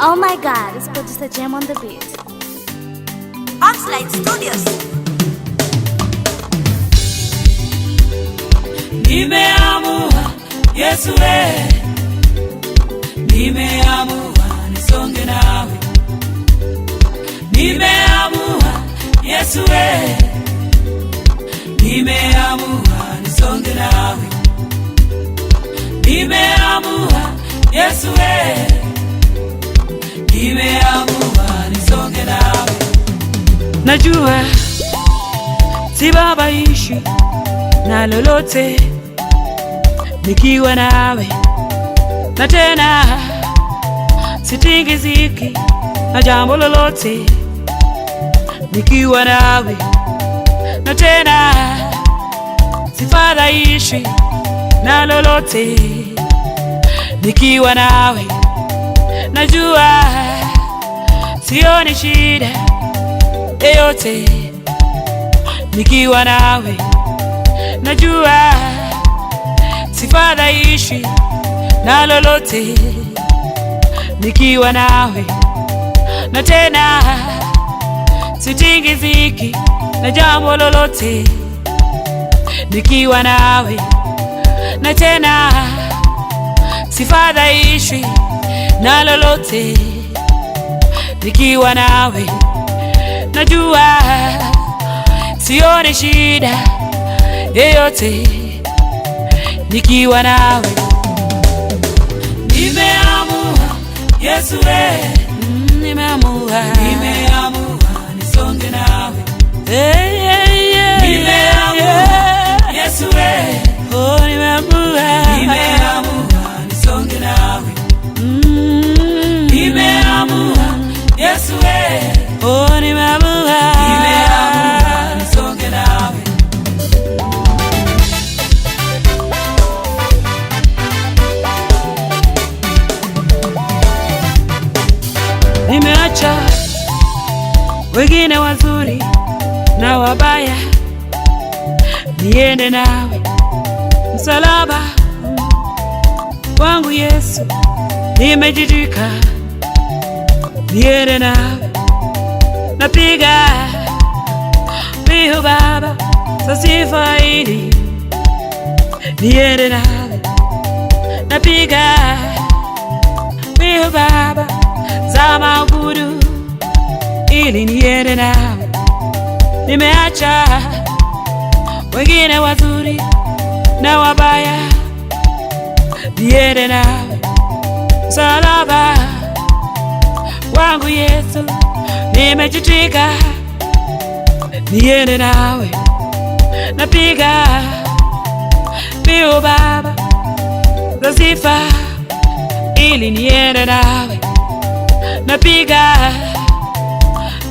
Oh my god, it's producer Jam on the beat. Oxlight Studios. Nimeamua Yesu we. Nimeamua nisonge nawe. Nimeamua Yesu we. Nimeamua nisonge nawe. Nimeamua Yesu we nimeamua nisonge nawe. Najua sibabaishi na lolote nikiwa nawe, na tena sitingiziki na jambo lolote nikiwa nawe, na tena sifadhaishi na lolote nikiwa nawe najua sioni shida yoyote nikiwa nawe, najua sifadhaishwi na lolote nikiwa nawe, na tena sitingiziki na jambo lolote nikiwa nawe, na tena sifadhaishwi na lolote, nikiwa nawe najua sioni shida yeyote, nikiwa nawe nimeamua. Yesu we, nimeamua, nimeamua nisonge nawe, hey, hey, yeah, nimeamua yeah. wengine wazuri na wabaya, niende nawe msalaba wangu Yesu, nimejitika niende nawe, napiga mbio Baba za ili niende nawe, napiga mbio Baba za magudu ili niende nao. Nimeacha wengine wazuri na wabaya, niende nawe Msalaba wangu Yesu nimejitwika, niende nawe. Napiga mbiu Baba za sifa ili niende nawe, napiga